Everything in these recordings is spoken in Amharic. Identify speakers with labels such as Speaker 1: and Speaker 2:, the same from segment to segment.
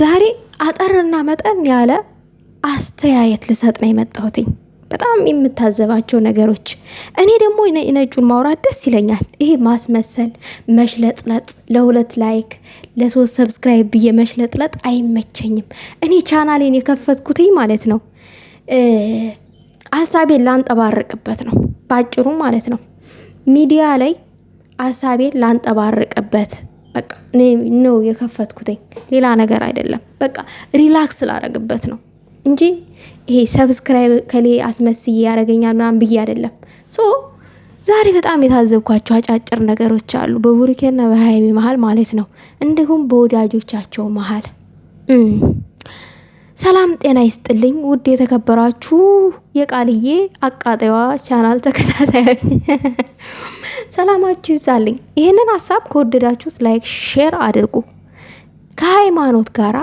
Speaker 1: ዛሬ አጠርና መጠን ያለ አስተያየት ልሰጥ ነው የመጣሁትኝ። በጣም የምታዘባቸው ነገሮች እኔ ደግሞ ነጩን ማውራት ደስ ይለኛል። ይሄ ማስመሰል፣ መሽለጥለጥ፣ ለሁለት ላይክ ለሶስት ሰብስክራይብ ብዬ መሽለጥለጥ አይመቸኝም። እኔ ቻናሌን የከፈትኩትኝ ማለት ነው ሀሳቤን ላንጠባርቅበት ነው፣ በአጭሩ ማለት ነው ሚዲያ ላይ ሀሳቤን ላንጠባርቅበት በቃ ነው የከፈትኩትኝ ሌላ ነገር አይደለም። በቃ ሪላክስ ላረግበት ነው እንጂ ይሄ ሰብስክራይብ ከሌ አስመስዬ ያደረገኛል ምናምን ብዬ አይደለም። ሶ ዛሬ በጣም የታዘብኳቸው አጫጭር ነገሮች አሉ በቡሪኬና በሀይሚ መሀል ማለት ነው፣ እንዲሁም በወዳጆቻቸው መሀል። ሰላም ጤና ይስጥልኝ ውድ የተከበራችሁ የቃልዬ አቃጠዋ ቻናል ተከታታዮች ሰላማችሁ ይብዛልኝ። ይህንን ሀሳብ ከወደዳችሁት ላይክ፣ ሼር አድርጉ። ከሃይማኖት ጋራ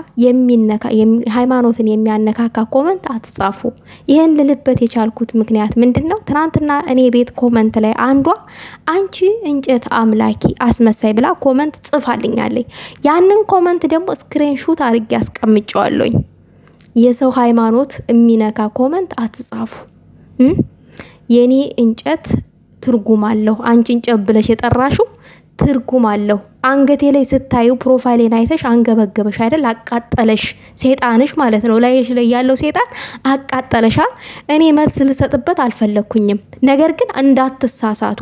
Speaker 1: ሃይማኖትን የሚያነካካ ኮመንት አትጻፉ። ይህን ልልበት የቻልኩት ምክንያት ምንድን ነው? ትናንትና እኔ ቤት ኮመንት ላይ አንዷ አንቺ እንጨት አምላኪ አስመሳይ ብላ ኮመንት ጽፋልኛለኝ። ያንን ኮመንት ደግሞ ስክሪንሹት አድርጌ አስቀምጨዋለኝ። የሰው ሃይማኖት የሚነካ ኮመንት አትጻፉ። የኔ እንጨት ትርጉም አለሁ። አንቺን ጨብለሽ የጠራሹ ትርጉም አለሁ። አንገቴ ላይ ስታዩ ፕሮፋይሌን አይተሽ አንገበገበሽ አይደል? አቃጠለሽ፣ ሴጣንሽ ማለት ነው። ላይሽ ላይ ያለው ሴጣን አቃጠለሻ። እኔ መልስ ልሰጥበት አልፈለግኩኝም። ነገር ግን እንዳትሳሳቱ፣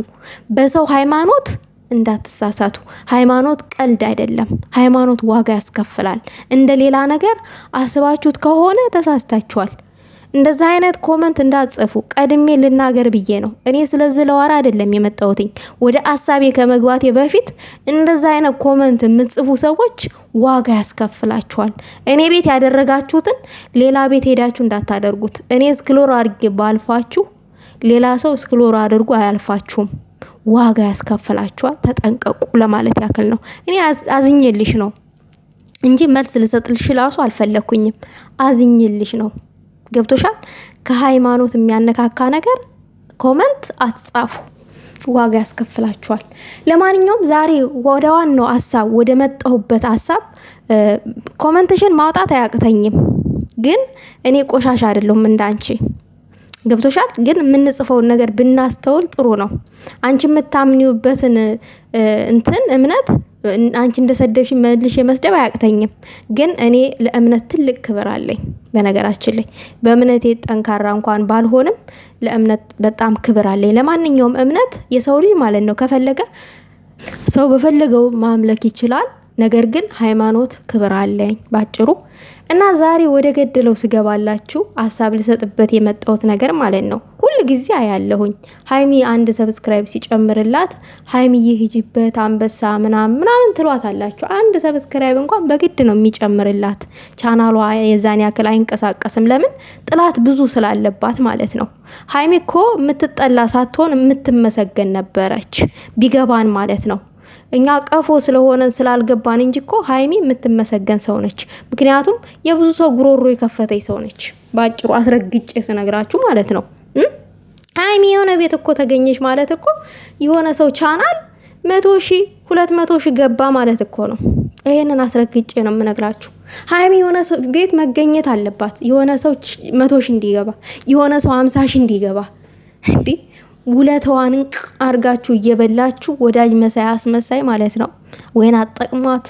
Speaker 1: በሰው ሃይማኖት እንዳትሳሳቱ። ሃይማኖት ቀልድ አይደለም። ሃይማኖት ዋጋ ያስከፍላል። እንደ ሌላ ነገር አስባችሁት ከሆነ ተሳስታችኋል። እንደዛ አይነት ኮመንት እንዳጽፉ ቀድሜ ልናገር ብዬ ነው። እኔ ስለዚህ ለዋራ አይደለም የመጣሁትኝ። ወደ አሳቤ ከመግባቴ በፊት እንደዛ አይነት ኮመንት የምጽፉ ሰዎች ዋጋ ያስከፍላችኋል። እኔ ቤት ያደረጋችሁትን ሌላ ቤት ሄዳችሁ እንዳታደርጉት። እኔ እስክሎር አድርጌ ባልፋችሁ፣ ሌላ ሰው እስክሎር አድርጎ አያልፋችሁም። ዋጋ ያስከፍላችኋል። ተጠንቀቁ ለማለት ያክል ነው። እኔ አዝኝልሽ ነው እንጂ መልስ ልሰጥልሽ ላሱ አልፈለኩኝም። አዝኝልሽ ነው። ገብቶሻል። ከሃይማኖት የሚያነካካ ነገር ኮመንት አትጻፉ፣ ዋጋ ያስከፍላችኋል። ለማንኛውም ዛሬ ወደ ዋናው ሀሳብ ወደ መጣሁበት ሀሳብ ኮመንቴሽን ማውጣት አያቅተኝም፣ ግን እኔ ቆሻሻ አይደለሁም እንዳንቺ ገብቶሻል። ግን የምንጽፈውን ነገር ብናስተውል ጥሩ ነው። አንቺ የምታምኒውበትን እንትን እምነት አንቺ እንደሰደብሽ መልሽ መስደብ አያቅተኝም፣ ግን እኔ ለእምነት ትልቅ ክብር አለኝ። በነገራችን ላይ በእምነቴ ጠንካራ እንኳን ባልሆንም ለእምነት በጣም ክብር አለኝ። ለማንኛውም እምነት የሰው ልጅ ማለት ነው ከፈለገ ሰው በፈለገው ማምለክ ይችላል። ነገር ግን ሃይማኖት ክብር አለኝ ባጭሩ። እና ዛሬ ወደ ገደለው ስገባላችሁ ሀሳብ ልሰጥበት የመጣሁት ነገር ማለት ነው። ሁል ጊዜ አያለሁኝ ሀይሚ አንድ ሰብስክራይብ ሲጨምርላት ሀይሚ ሂጂበት አንበሳ ምናምን ምናምን ትሏት አላችሁ። አንድ ሰብስክራይብ እንኳን በግድ ነው የሚጨምርላት። ቻናሏ የዛን ያክል አይንቀሳቀስም። ለምን ጥላት ብዙ ስላለባት ማለት ነው። ሀይሚ እኮ የምትጠላ ሳትሆን የምትመሰገን ነበረች ቢገባን ማለት ነው። እኛ ቀፎ ስለሆነን ስላልገባን እንጂ እኮ ሀይሚ የምትመሰገን ሰው ነች። ምክንያቱም የብዙ ሰው ጉሮሮ የከፈተች ሰው ነች። በአጭሩ አስረግጬ ስነግራችሁ ማለት ነው። ሀይሚ የሆነ ቤት እኮ ተገኘች ማለት እኮ የሆነ ሰው ቻናል መቶ ሺ ሁለት መቶ ሺ ገባ ማለት እኮ ነው። ይህንን አስረግጬ ነው የምነግራችሁ። ሀይሚ የሆነ ሰው ቤት መገኘት አለባት። የሆነ ሰው መቶ ሺ እንዲገባ፣ የሆነ ሰው አምሳ ሺ እንዲገባ እንዲህ ውለታዋን አርጋችሁ እየበላችሁ ወዳጅ መሳይ አስመሳይ ማለት ነው። ወይን አጠቅሟት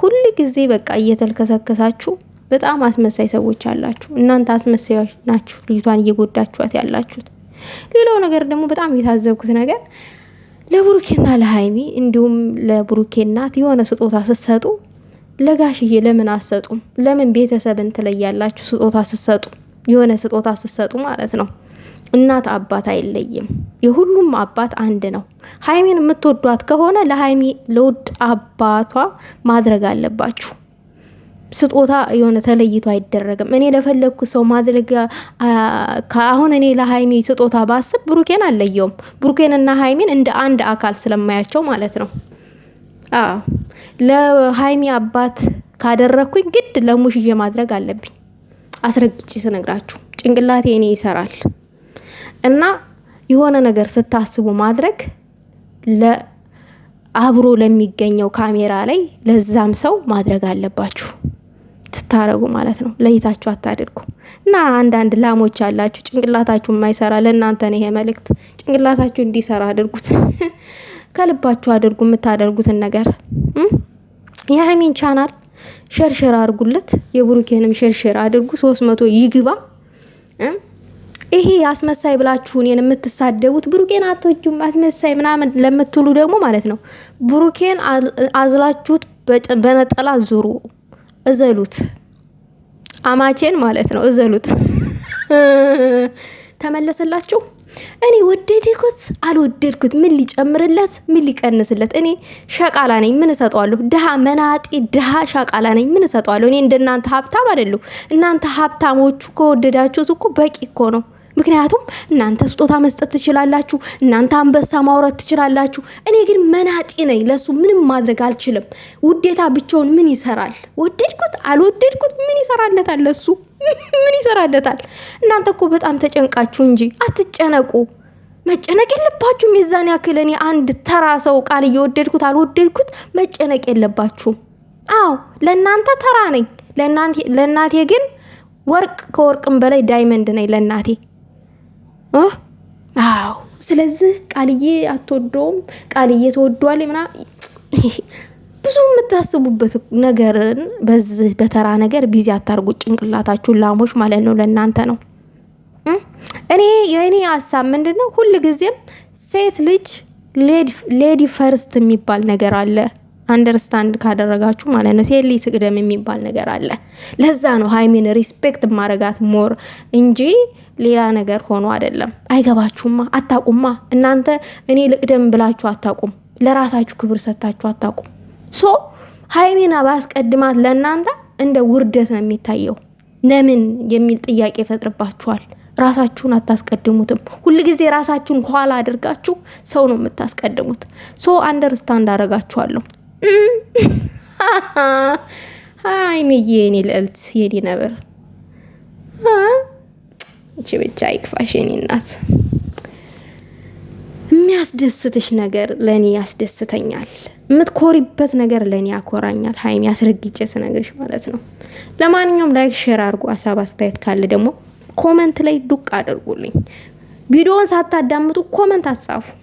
Speaker 1: ሁል ጊዜ በቃ እየተልከሰከሳችሁ በጣም አስመሳይ ሰዎች አላችሁ። እናንተ አስመሳዮች ናችሁ፣ ልጅቷን እየጎዳችኋት ያላችሁት። ሌላው ነገር ደግሞ በጣም የታዘብኩት ነገር ለብሩኬና ለሀይሚ እንዲሁም ለብሩኬ እናት የሆነ ስጦታ ስትሰጡ ለጋሽዬ ለምን አትሰጡም? ለምን ቤተሰብን ትለያላችሁ? ስጦታ ስትሰጡ የሆነ ስጦታ ስትሰጡ ማለት ነው እናት አባት አይለይም። የሁሉም አባት አንድ ነው። ሀይሜን የምትወዷት ከሆነ ለሀይሜ ለውድ አባቷ ማድረግ አለባችሁ። ስጦታ የሆነ ተለይቶ አይደረግም። እኔ ለፈለግኩ ሰው ማድረግ አሁን እኔ ለሀይሜ ስጦታ ባስብ ብሩኬን አለየውም። ብሩኬንና ሀይሜን እንደ አንድ አካል ስለማያቸው ማለት ነው። ለሀይሜ አባት ካደረግኩኝ ግድ ለሙሽዬ ማድረግ አለብኝ። አስረግጬ ስነግራችሁ ጭንቅላቴ እኔ ይሰራል። እና የሆነ ነገር ስታስቡ ማድረግ አብሮ ለሚገኘው ካሜራ ላይ ለዛም ሰው ማድረግ አለባችሁ ስታረጉ ማለት ነው። ለይታችሁ አታድርጉ እና አንዳንድ ላሞች አላችሁ፣ ጭንቅላታችሁ የማይሰራ ለእናንተ ነው ይሄ መልእክት። ጭንቅላታችሁ እንዲሰራ አድርጉት። ከልባችሁ አድርጉ የምታደርጉትን ነገር። የሀይሚን ቻናል ሸርሸር አድርጉለት፣ የብሩኬንም ሸርሸር አድርጉ። ሶስት መቶ ይግባ። ይሄ አስመሳይ ብላችሁ እኔን የምትሳደቡት ብሩኬን አቶጁም አስመሳይ ምናምን ለምትሉ ደግሞ ማለት ነው ብሩኬን አዝላችሁት በነጠላ ዙሩ፣ እዘሉት። አማቼን ማለት ነው እዘሉት። ተመለሰላችሁ። እኔ ወደድኩት አልወደድኩት ምን ሊጨምርለት ምን ሊቀንስለት፣ እኔ ሸቃላ ነኝ። ምን እሰጠዋለሁ? ድሃ መናጢ ድሃ ሸቃላ ነኝ። ምን እሰጠዋለሁ? እኔ እንደናንተ ሀብታም አይደለሁ። እናንተ ሀብታሞቹ ከወደዳችሁት እኮ በቂ እኮ ነው። ምክንያቱም እናንተ ስጦታ መስጠት ትችላላችሁ፣ እናንተ አንበሳ ማውረድ ትችላላችሁ። እኔ ግን መናጤ ነኝ፣ ለሱ ምንም ማድረግ አልችልም። ውዴታ ብቻውን ምን ይሰራል? ወደድኩት አልወደድኩት ምን ይሰራለታል? ለሱ ምን ይሰራለታል? እናንተ እኮ በጣም ተጨንቃችሁ እንጂ አትጨነቁ። መጨነቅ የለባችሁም። የዛን ያክል እኔ አንድ ተራ ሰው ቃል እየወደድኩት አልወደድኩት መጨነቅ የለባችሁም። አዎ ለእናንተ ተራ ነኝ፣ ለእናቴ ግን ወርቅ ከወርቅም በላይ ዳይመንድ ነኝ ለእናቴ አዎ። ስለዚህ ቃልዬ አትወደውም፣ ቃልዬ ተወዷል ምና ብዙ የምታስቡበት ነገርን በዚህ በተራ ነገር ቢዚ አታርጉ። ጭንቅላታችሁን ላሞች ማለት ነው ለእናንተ ነው። እኔ የእኔ ሀሳብ ምንድን ነው? ጊዜም ሴት ልጅ ሌዲ ፈርስት የሚባል ነገር አለ። አንደርስታንድ ካደረጋችሁ ማለት ነው። ሴት ልጅ ትቅደም የሚባል ነገር አለ። ለዛ ነው ሀይሚን ሪስፔክት ማረጋት ሞር እንጂ ሌላ ነገር ሆኖ አይደለም። አይገባችሁማ፣ አታቁማ። እናንተ እኔ ልቅደም ብላችሁ አታቁም። ለራሳችሁ ክብር ሰታችሁ አታቁም። ሶ ሀይሚና ባስቀድማት ለእናንተ እንደ ውርደት ነው የሚታየው። ለምን የሚል ጥያቄ ይፈጥርባችኋል። ራሳችሁን አታስቀድሙትም። ጊዜ ራሳችሁን ኋላ አድርጋችሁ ሰው ነው የምታስቀድሙት። ሶ አንደርስታንድ አረጋችኋለሁ። ሀይሚዬ የኔ ልዕልት የኔ ነበር እቺ ብቻ ይክፋሽ የኔ እናት። የሚያስደስትሽ ነገር ለእኔ ያስደስተኛል። የምትኮሪበት ነገር ለእኔ ያኮራኛል። ሀይሚ አስረግጬ ስነግርሽ ማለት ነው። ለማንኛውም ላይክ፣ ሼር አድርጉ። ሀሳብ አስተያየት ካለ ደግሞ ኮመንት ላይ ዱቅ አድርጉልኝ። ቪዲዮውን ሳታዳምጡ ኮመንት አጻፉ።